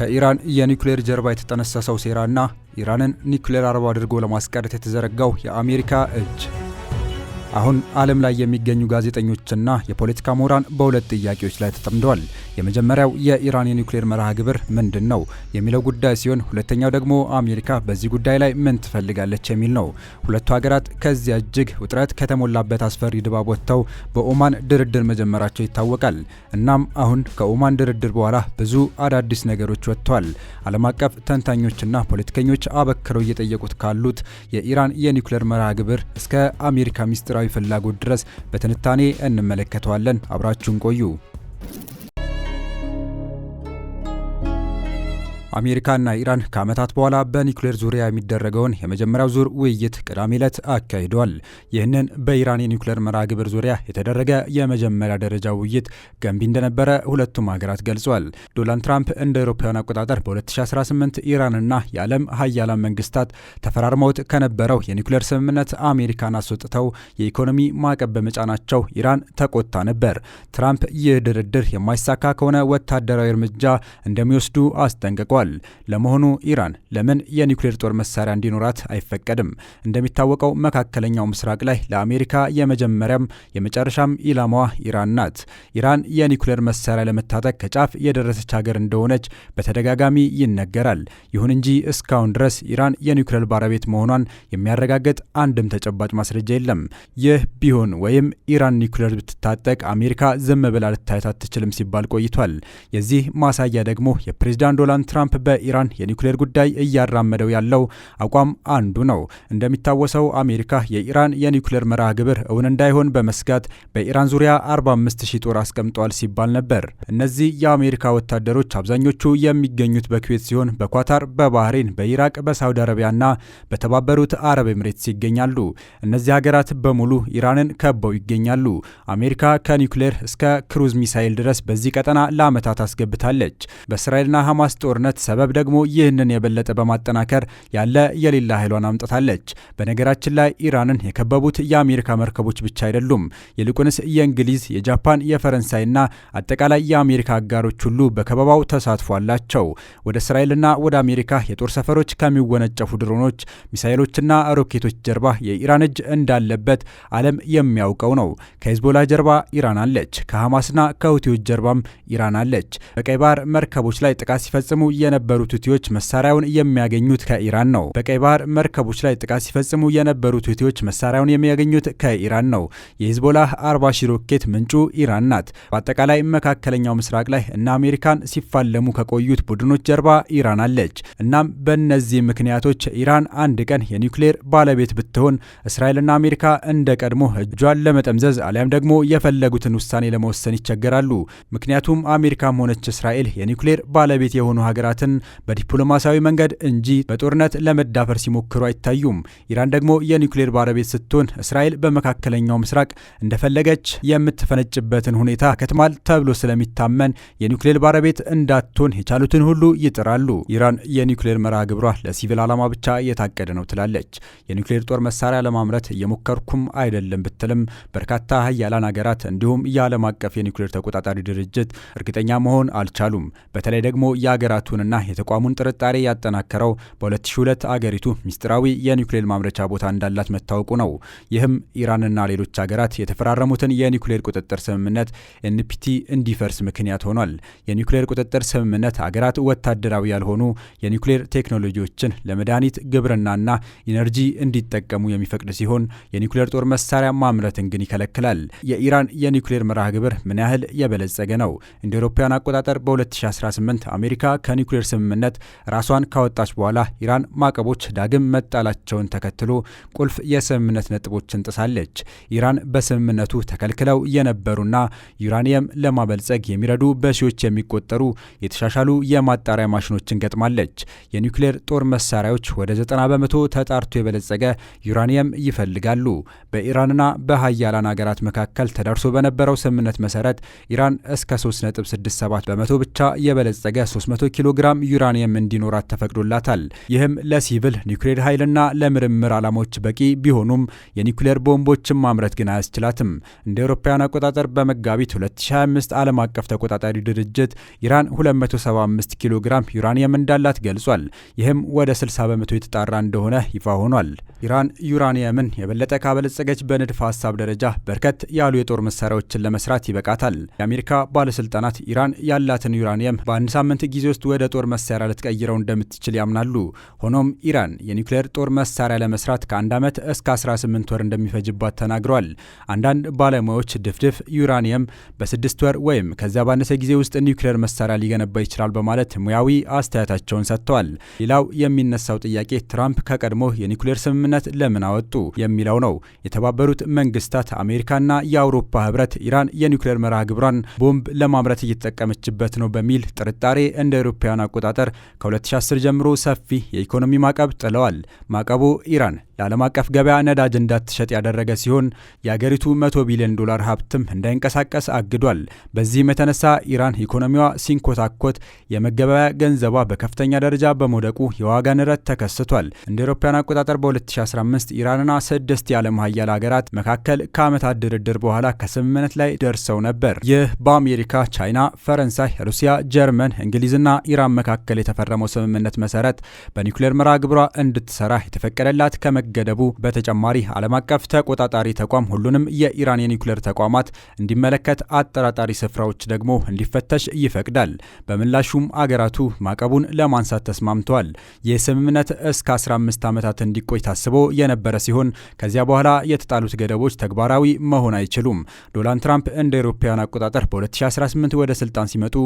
ከኢራን የኒውክሌር ጀርባ የተጠነሰሰው ሴራና ኢራንን ኒውክሌር አረብ አድርጎ ለማስቀረት የተዘረጋው የአሜሪካ እጅ አሁን ዓለም ላይ የሚገኙ ጋዜጠኞችና የፖለቲካ ምሁራን በሁለት ጥያቄዎች ላይ ተጠምደዋል። የመጀመሪያው የኢራን የኒውክሌር መርሃ ግብር ምንድን ነው የሚለው ጉዳይ ሲሆን ሁለተኛው ደግሞ አሜሪካ በዚህ ጉዳይ ላይ ምን ትፈልጋለች የሚል ነው። ሁለቱ ሀገራት ከዚያ እጅግ ውጥረት ከተሞላበት አስፈሪ ድባብ ወጥተው በኦማን ድርድር መጀመራቸው ይታወቃል። እናም አሁን ከኦማን ድርድር በኋላ ብዙ አዳዲስ ነገሮች ወጥተዋል። ዓለም አቀፍ ተንታኞችና ፖለቲከኞች አበክረው እየጠየቁት ካሉት የኢራን የኒውክሌር መርሃ ግብር እስከ አሜሪካ ሚስጥራ ብሔራዊ ፍላጎት ድረስ በትንታኔ እንመለከተዋለን። አብራችሁን ቆዩ። አሜሪካና ኢራን ከዓመታት በኋላ በኒውክሌር ዙሪያ የሚደረገውን የመጀመሪያው ዙር ውይይት ቅዳሜ ዕለት አካሂደዋል። ይህንን በኢራን የኒውክሌር መርሃ ግብር ዙሪያ የተደረገ የመጀመሪያ ደረጃ ውይይት ገንቢ እንደነበረ ሁለቱም ሀገራት ገልጿል። ዶናልድ ትራምፕ እንደ አውሮፓውያን አቆጣጠር በ2018 ኢራንና የዓለም ሀያላን መንግስታት ተፈራርመውት ከነበረው የኒውክሌር ስምምነት አሜሪካን አስወጥተው የኢኮኖሚ ማዕቀብ በመጫናቸው ኢራን ተቆጣ ነበር። ትራምፕ ይህ ድርድር የማይሳካ ከሆነ ወታደራዊ እርምጃ እንደሚወስዱ አስጠንቅቋል። ተናግረዋል። ለመሆኑ ኢራን ለምን የኒውክሌር ጦር መሳሪያ እንዲኖራት አይፈቀድም? እንደሚታወቀው መካከለኛው ምስራቅ ላይ ለአሜሪካ የመጀመሪያም የመጨረሻም ኢላማዋ ኢራን ናት። ኢራን የኒውክሌር መሳሪያ ለመታጠቅ ከጫፍ የደረሰች ሀገር እንደሆነች በተደጋጋሚ ይነገራል። ይሁን እንጂ እስካሁን ድረስ ኢራን የኒውክሌር ባለቤት መሆኗን የሚያረጋግጥ አንድም ተጨባጭ ማስረጃ የለም። ይህ ቢሆን ወይም ኢራን ኒውክሌር ብትታጠቅ አሜሪካ ዝም ብላ ልታየት አትችልም ሲባል ቆይቷል። የዚህ ማሳያ ደግሞ የፕሬዚዳንት ዶናልድ ትራምፕ ትራምፕ በኢራን የኒውክሌር ጉዳይ እያራመደው ያለው አቋም አንዱ ነው። እንደሚታወሰው አሜሪካ የኢራን የኒውክሌር መርሃ ግብር እውን እንዳይሆን በመስጋት በኢራን ዙሪያ 45 ሺህ ጦር አስቀምጧል ሲባል ነበር። እነዚህ የአሜሪካ ወታደሮች አብዛኞቹ የሚገኙት በኩዌት ሲሆን በኳታር፣ በባህሬን፣ በኢራቅ፣ በሳውዲ አረቢያና በተባበሩት አረብ ኤምሬትስ ይገኛሉ። እነዚህ ሀገራት በሙሉ ኢራንን ከበው ይገኛሉ። አሜሪካ ከኒውክሌር እስከ ክሩዝ ሚሳይል ድረስ በዚህ ቀጠና ለዓመታት አስገብታለች። በእስራኤልና ሐማስ ጦርነት ሰበብ ደግሞ ይህንን የበለጠ በማጠናከር ያለ የሌላ ኃይሏን አምጥታለች። በነገራችን ላይ ኢራንን የከበቡት የአሜሪካ መርከቦች ብቻ አይደሉም። ይልቁንስ የእንግሊዝ፣ የጃፓን፣ የፈረንሳይና አጠቃላይ የአሜሪካ አጋሮች ሁሉ በከበባው ተሳትፎ አላቸው። ወደ እስራኤልና ወደ አሜሪካ የጦር ሰፈሮች ከሚወነጨፉ ድሮኖች፣ ሚሳይሎችና ሮኬቶች ጀርባ የኢራን እጅ እንዳለበት ዓለም የሚያውቀው ነው። ከሂዝቦላ ጀርባ ኢራን አለች። ከሐማስና ከሁቲዎች ጀርባም ኢራን አለች። በቀይ ባህር መርከቦች ላይ ጥቃት ሲፈጽሙ የነበሩት ሁቲዎች መሳሪያውን የሚያገኙት ከኢራን ነው። በቀይ ባህር መርከቦች ላይ ጥቃት ሲፈጽሙ የነበሩት ሁቲዎች መሳሪያውን የሚያገኙት ከኢራን ነው። የሂዝቦላ አርባ ሺ ሮኬት ምንጩ ኢራን ናት። በአጠቃላይ መካከለኛው ምስራቅ ላይ እና አሜሪካን ሲፋለሙ ከቆዩት ቡድኖች ጀርባ ኢራን አለች። እናም በእነዚህ ምክንያቶች ኢራን አንድ ቀን የኒውክሌር ባለቤት ብትሆን እስራኤልና አሜሪካ እንደ ቀድሞ እጇን ለመጠምዘዝ አሊያም ደግሞ የፈለጉትን ውሳኔ ለመወሰን ይቸገራሉ። ምክንያቱም አሜሪካም ሆነች እስራኤል የኒውክሌር ባለቤት የሆኑ ሀገራት ሀገራትን በዲፕሎማሲያዊ መንገድ እንጂ በጦርነት ለመዳፈር ሲሞክሩ አይታዩም። ኢራን ደግሞ የኒውክሌር ባለቤት ስትሆን እስራኤል በመካከለኛው ምስራቅ እንደፈለገች የምትፈነጭበትን ሁኔታ ከትማል ተብሎ ስለሚታመን የኒውክሌር ባለቤት እንዳትሆን የቻሉትን ሁሉ ይጥራሉ። ኢራን የኒውክሌር መርሃ ግብሯ ለሲቪል ዓላማ ብቻ የታቀደ ነው ትላለች። የኒውክሌር ጦር መሳሪያ ለማምረት እየሞከርኩም አይደለም ብትልም በርካታ ሀያላን ሀገራት እንዲሁም የዓለም አቀፍ የኒውክሌር ተቆጣጣሪ ድርጅት እርግጠኛ መሆን አልቻሉም። በተለይ ደግሞ የሀገራቱን ያስቆመና የተቋሙን ጥርጣሬ ያጠናከረው በ2002 አገሪቱ ሚስጥራዊ የኒውክሌር ማምረቻ ቦታ እንዳላት መታወቁ ነው። ይህም ኢራንና ሌሎች ሀገራት የተፈራረሙትን የኒውክሌር ቁጥጥር ስምምነት ኤንፒቲ እንዲፈርስ ምክንያት ሆኗል። የኒውክሌር ቁጥጥር ስምምነት አገራት ወታደራዊ ያልሆኑ የኒውክሌር ቴክኖሎጂዎችን ለመድኃኒት፣ ግብርናና ኢነርጂ እንዲጠቀሙ የሚፈቅድ ሲሆን የኒውክሌር ጦር መሳሪያ ማምረትን ግን ይከለክላል። የኢራን የኒውክሌር መርሃ ግብር ምን ያህል የበለጸገ ነው? እንደ አውሮፓውያን አቆጣጠር በ2018 አሜሪካ ከኒውክሌር የኒውክሌር ስምምነት ራሷን ካወጣች በኋላ ኢራን ማዕቀቦች ዳግም መጣላቸውን ተከትሎ ቁልፍ የስምምነት ነጥቦችን ጥሳለች። ኢራን በስምምነቱ ተከልክለው የነበሩና ዩራኒየም ለማበልጸግ የሚረዱ በሺዎች የሚቆጠሩ የተሻሻሉ የማጣሪያ ማሽኖችን ገጥማለች። የኒውክሌር ጦር መሳሪያዎች ወደ 90 በመቶ ተጣርቶ የበለጸገ ዩራኒየም ይፈልጋሉ። በኢራንና በሀያላን ሀገራት መካከል ተደርሶ በነበረው ስምምነት መሰረት ኢራን እስከ 3.67 በመቶ ብቻ የበለጸገ 300 ኪሎ ግራም ዩራኒየም እንዲኖራት ተፈቅዶላታል። ይህም ለሲቪል ኒውክሌር ኃይልና ለምርምር ዓላማዎች በቂ ቢሆኑም የኒውክሌር ቦምቦችን ማምረት ግን አያስችላትም። እንደ አውሮፓውያን አቆጣጠር በመጋቢት 2025 ዓለም አቀፍ ተቆጣጣሪ ድርጅት ኢራን 275 ኪሎ ግራም ዩራኒየም እንዳላት ገልጿል። ይህም ወደ 60 በመቶ የተጣራ እንደሆነ ይፋ ሆኗል። ኢራን ዩራኒየምን የበለጠ ካበለጸገች በንድፈ ሀሳብ ደረጃ በርከት ያሉ የጦር መሳሪያዎችን ለመስራት ይበቃታል። የአሜሪካ ባለስልጣናት ኢራን ያላትን ዩራኒየም በአንድ ሳምንት ጊዜ ውስጥ ወደ ጦር መሳሪያ ልትቀይረው እንደምትችል ያምናሉ። ሆኖም ኢራን የኒውክሌር ጦር መሳሪያ ለመስራት ከአንድ ዓመት እስከ 18 ወር እንደሚፈጅባት ተናግረዋል። አንዳንድ ባለሙያዎች ድፍድፍ ዩራኒየም በስድስት ወር ወይም ከዚያ ባነሰ ጊዜ ውስጥ ኒውክሌር መሳሪያ ሊገነባ ይችላል በማለት ሙያዊ አስተያየታቸውን ሰጥተዋል። ሌላው የሚነሳው ጥያቄ ትራምፕ ከቀድሞ የኒውክሌር ስምምነት ለምን አወጡ የሚለው ነው። የተባበሩት መንግስታት አሜሪካና የአውሮፓ ህብረት ኢራን የኒውክሌር መርሃ ግብሯን ቦምብ ለማምረት እየተጠቀመችበት ነው በሚል ጥርጣሬ እንደ አውሮፓውያን አውሮፓውያን አቆጣጠር ከ2010 ጀምሮ ሰፊ የኢኮኖሚ ማዕቀብ ጥለዋል። ማዕቀቡ ኢራን ለዓለም አቀፍ ገበያ ነዳጅ እንዳትሸጥ ያደረገ ሲሆን የአገሪቱ 100 ቢሊዮን ዶላር ሀብትም እንዳይንቀሳቀስ አግዷል። በዚህም የተነሳ ኢራን ኢኮኖሚዋ ሲንኮታኮት፣ የመገበያያ ገንዘቧ በከፍተኛ ደረጃ በመውደቁ የዋጋ ንረት ተከስቷል። እንደ አውሮፓውያን አቆጣጠር በ2015 ኢራንና ስድስት የዓለም ሀያል ሀገራት መካከል ከዓመታት ድርድር በኋላ ከስምምነት ላይ ደርሰው ነበር። ይህ በአሜሪካ፣ ቻይና፣ ፈረንሳይ፣ ሩሲያ፣ ጀርመን፣ እንግሊዝና ኢራን መካከል የተፈረመው ስምምነት መሰረት በኒውክሌር መርሃ ግብሯ እንድትሰራ የተፈቀደላት ከመ ከመገደቡ በተጨማሪ ዓለም አቀፍ ተቆጣጣሪ ተቋም ሁሉንም የኢራን የኒኩሌር ተቋማት እንዲመለከት፣ አጠራጣሪ ስፍራዎች ደግሞ እንዲፈተሽ ይፈቅዳል። በምላሹም አገራቱ ማዕቀቡን ለማንሳት ተስማምተዋል። ይህ ስምምነት እስከ 15 ዓመታት እንዲቆይ ታስቦ የነበረ ሲሆን ከዚያ በኋላ የተጣሉት ገደቦች ተግባራዊ መሆን አይችሉም። ዶናልድ ትራምፕ እንደ አውሮፓውያን አቆጣጠር በ2018 ወደ ስልጣን ሲመጡ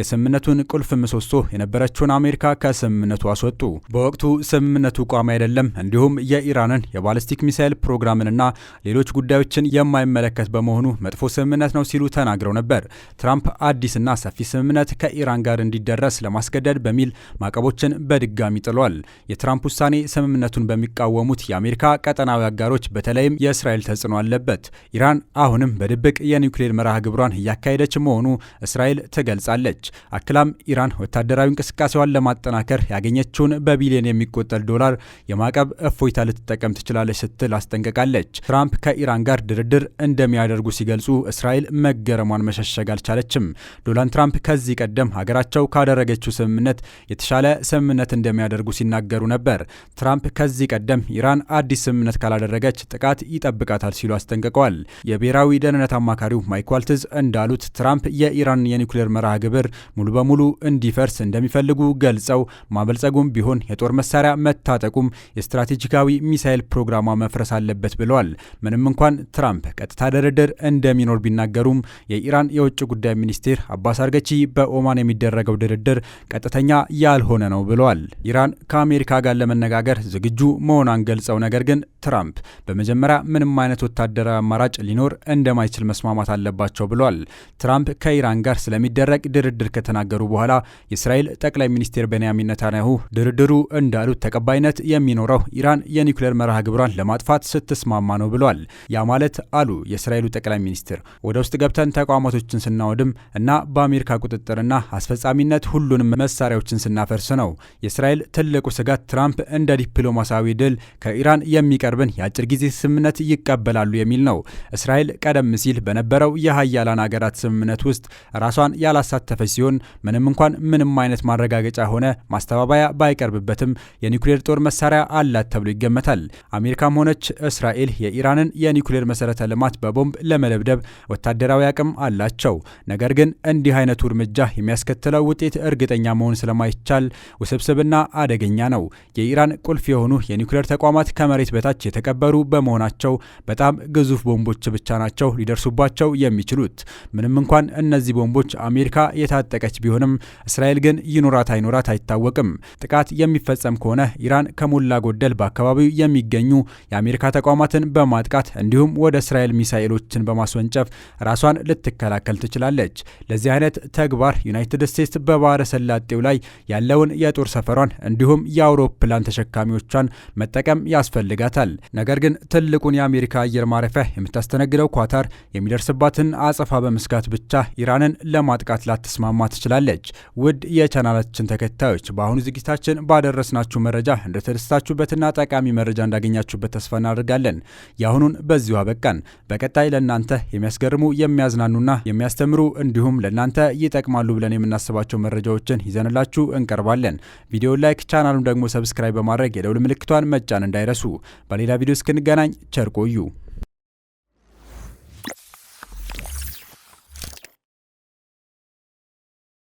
የስምምነቱን ቁልፍ ምሰሶ የነበረችውን አሜሪካ ከስምምነቱ አስወጡ። በወቅቱ ስምምነቱ ቋሚ አይደለም እንዲሁም የኢራንን የባለስቲክ ሚሳይል ፕሮግራምንና ሌሎች ጉዳዮችን የማይመለከት በመሆኑ መጥፎ ስምምነት ነው ሲሉ ተናግረው ነበር። ትራምፕ አዲስና ሰፊ ስምምነት ከኢራን ጋር እንዲደረስ ለማስገደድ በሚል ማዕቀቦችን በድጋሚ ጥሏል። የትራምፕ ውሳኔ ስምምነቱን በሚቃወሙት የአሜሪካ ቀጠናዊ አጋሮች በተለይም የእስራኤል ተጽዕኖ አለበት። ኢራን አሁንም በድብቅ የኒውክሌር መርሃ ግብሯን እያካሄደች መሆኑ እስራኤል ትገልጻለች። አክላም ኢራን ወታደራዊ እንቅስቃሴዋን ለማጠናከር ያገኘችውን በቢሊዮን የሚቆጠር ዶላር የማዕቀብ እፎይታ ልትጠቀም ትችላለች ስትል አስጠንቀቃለች። ትራምፕ ከኢራን ጋር ድርድር እንደሚያደርጉ ሲገልጹ እስራኤል መገረሟን መሸሸግ አልቻለችም። ዶናልድ ትራምፕ ከዚህ ቀደም ሀገራቸው ካደረገችው ስምምነት የተሻለ ስምምነት እንደሚያደርጉ ሲናገሩ ነበር። ትራምፕ ከዚህ ቀደም ኢራን አዲስ ስምምነት ካላደረገች ጥቃት ይጠብቃታል ሲሉ አስጠንቅቀዋል። የብሔራዊ ደህንነት አማካሪው ማይክ ዋልትዝ እንዳሉት ትራምፕ የኢራን የኒውክሌር መርሃ ግብር ሙሉ በሙሉ እንዲፈርስ እንደሚፈልጉ ገልጸው ማበልጸጉም ቢሆን የጦር መሳሪያ መታጠቁም የስትራቴጂካዊ ሚሳይል ፕሮግራሟ መፍረስ አለበት ብለዋል። ምንም እንኳን ትራምፕ ቀጥታ ድርድር እንደሚኖር ቢናገሩም የኢራን የውጭ ጉዳይ ሚኒስቴር አባስ አርገቺ በኦማን የሚደረገው ድርድር ቀጥተኛ ያልሆነ ነው ብለዋል። ኢራን ከአሜሪካ ጋር ለመነጋገር ዝግጁ መሆኗን ገልጸው ነገር ግን ትራምፕ በመጀመሪያ ምንም አይነት ወታደራዊ አማራጭ ሊኖር እንደማይችል መስማማት አለባቸው ብለዋል። ትራምፕ ከኢራን ጋር ስለሚደረግ ድርድር ከተናገሩ በኋላ የእስራኤል ጠቅላይ ሚኒስቴር ቤንያሚን ነታንያሁ ድርድሩ እንዳሉት ተቀባይነት የሚኖረው ኢራን የኒ የኒውክሌር መርሃ ግብሯን ለማጥፋት ስትስማማ ነው ብለዋል። ያ ማለት አሉ የእስራኤሉ ጠቅላይ ሚኒስትር ወደ ውስጥ ገብተን ተቋማቶችን ስናወድም እና በአሜሪካ ቁጥጥርና አስፈጻሚነት ሁሉንም መሳሪያዎችን ስናፈርስ ነው። የእስራኤል ትልቁ ስጋት ትራምፕ እንደ ዲፕሎማሲያዊ ድል ከኢራን የሚቀርብን የአጭር ጊዜ ስምምነት ይቀበላሉ የሚል ነው። እስራኤል ቀደም ሲል በነበረው የሀያላን ሀገራት ስምምነት ውስጥ ራሷን ያላሳተፈች ሲሆን ምንም እንኳን ምንም አይነት ማረጋገጫ ሆነ ማስተባበያ ባይቀርብበትም የኒውክሌር ጦር መሳሪያ አላት ተብሎ ይገመታል። ይገኙበታል። አሜሪካም ሆነች እስራኤል የኢራንን የኒውክሌር መሰረተ ልማት በቦምብ ለመደብደብ ወታደራዊ አቅም አላቸው። ነገር ግን እንዲህ አይነቱ እርምጃ የሚያስከትለው ውጤት እርግጠኛ መሆን ስለማይቻል ውስብስብና አደገኛ ነው። የኢራን ቁልፍ የሆኑ የኒውክሌር ተቋማት ከመሬት በታች የተቀበሩ በመሆናቸው በጣም ግዙፍ ቦምቦች ብቻ ናቸው ሊደርሱባቸው የሚችሉት። ምንም እንኳን እነዚህ ቦምቦች አሜሪካ የታጠቀች ቢሆንም እስራኤል ግን ይኖራት አይኖራት አይታወቅም። ጥቃት የሚፈጸም ከሆነ ኢራን ከሞላ ጎደል በአካባቢው የሚገኙ የአሜሪካ ተቋማትን በማጥቃት እንዲሁም ወደ እስራኤል ሚሳኤሎችን በማስወንጨፍ ራሷን ልትከላከል ትችላለች። ለዚህ አይነት ተግባር ዩናይትድ ስቴትስ በባህረ ሰላጤው ላይ ያለውን የጦር ሰፈሯን እንዲሁም የአውሮፕላን ተሸካሚዎቿን መጠቀም ያስፈልጋታል። ነገር ግን ትልቁን የአሜሪካ አየር ማረፊያ የምታስተነግደው ኳታር የሚደርስባትን አጸፋ በመስጋት ብቻ ኢራንን ለማጥቃት ላትስማማ ትችላለች። ውድ የቻናላችን ተከታዮች በአሁኑ ዝግጅታችን ባደረስናችሁ መረጃ እንደተደስታችሁበትና ጠቃሚ መረጃ እንዳገኛችሁበት ተስፋ እናደርጋለን። የአሁኑን በዚሁ አበቃን። በቀጣይ ለእናንተ የሚያስገርሙ የሚያዝናኑና የሚያስተምሩ እንዲሁም ለእናንተ ይጠቅማሉ ብለን የምናስባቸው መረጃዎችን ይዘንላችሁ እንቀርባለን። ቪዲዮ ላይክ፣ ቻናሉን ደግሞ ሰብስክራይብ በማድረግ የደውል ምልክቷን መጫን እንዳይረሱ። በሌላ ቪዲዮ እስክንገናኝ ቸር ቆዩ።